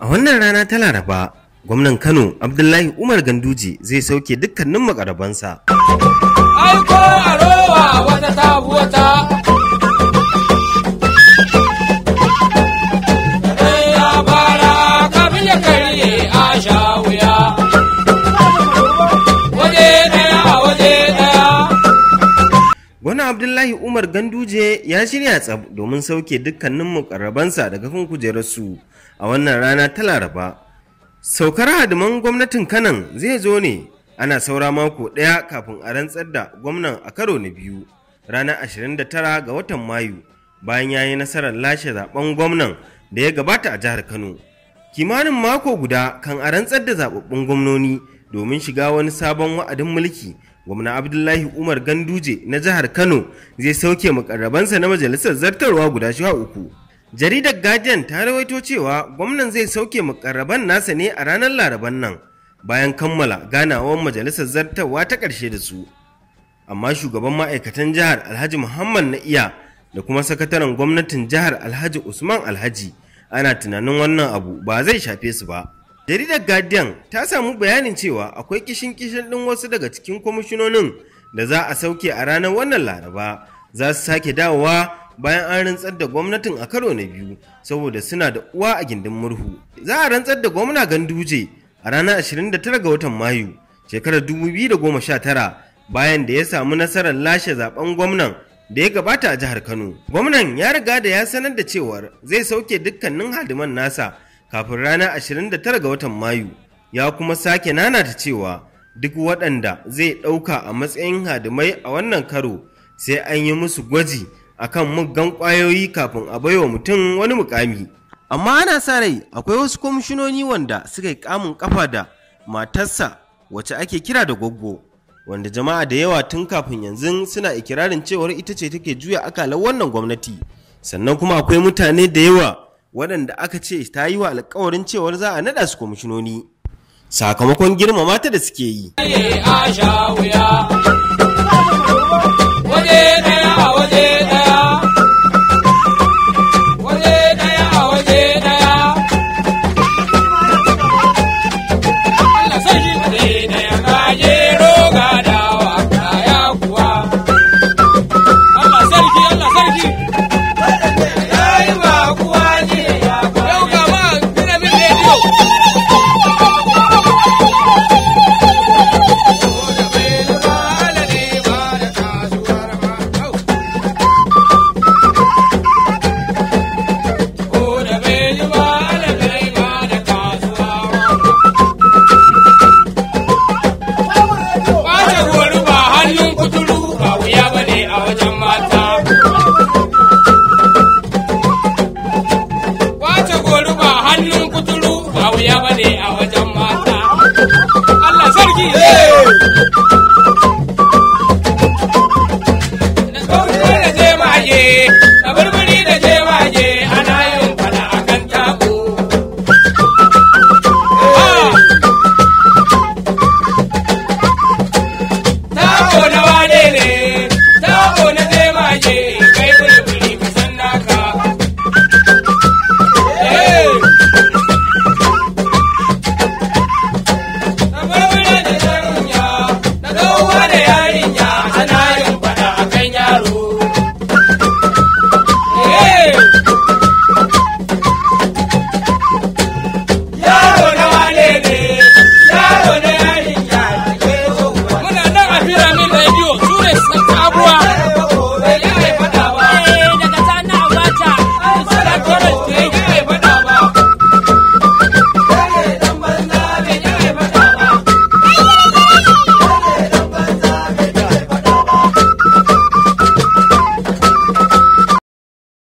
A wannan rana ta Laraba, gwamnan Kano Abdullahi Umar Ganduje zai sauke dukkanin makarabansa. Wani Abdullahi Umar Ganduje ya shirya tsab domin sauke dukkanin mukarrabansa daga kan kujerarsu a wannan rana ta laraba saukar hadiman gwamnatin kanan zai zo ne ana saura mako ɗaya kafin a rantsar da gwamnan a karo na biyu ranar 29 ga watan mayu bayan ya yi nasarar lashe zaben gwamnan da ya gabata a jihar kano kimanin mako guda kan a rantsar da zababbun gwamnoni domin shiga wani sabon wa'adin mulki gwamna abdullahi umar ganduje na jihar kano zai sauke mukarrabansa na majalisar zartarwa guda sha uku Jaridar Guardian ta rawaito cewa gwamnan zai sauke mukarraban nasa ne a ranar Laraban nan bayan kammala ganawar majalisar zartarwa ta ƙarshe da su. Amma shugaban ma'aikatan jihar Alhaji Muhammad na iya da kuma sakataren gwamnatin jihar Alhaji Usman Alhaji ana tunanin wannan abu ba zai shafe su ba. Jaridar Guardian ta samu bayanin cewa akwai kishin kishin ɗin wasu daga cikin kwamishinonin da za a sauke a ranar wannan Laraba za su sake dawowa bayan an rantsar da gwamnatin a karo na biyu saboda suna da uwa a gindin murhu. Za a rantsar da gwamna Ganduje a ranar 29 ga watan Mayu shekarar 2019 bayan da ya samu nasarar lashe zaben gwamnan da ya gabata a jihar Kano. Gwamnan ya riga da ya sanar da cewar zai sauke dukkanin hadiman nasa kafin ranar 29 ga watan Mayu. Ya kuma sake nanata cewa duk waɗanda zai ɗauka a matsayin hadimai a wannan karo sai an yi musu gwaji akan muggan kwayoyi kafin a baiwa mutum wani mukami. Amma ana sa rai akwai wasu kwamishinoni wanda suka yi kamun kafa da matarsa wacce ake kira da goggo, wanda jama'a da yawa tun kafin yanzu suna ikirarin cewar ita ce take juya akalar wannan gwamnati. Sannan kuma akwai mutane da yawa waɗanda aka ce ta yi wa alkawarin cewar za a naɗa su kwamishinoni. Sakamakon girmama ta da suke yi.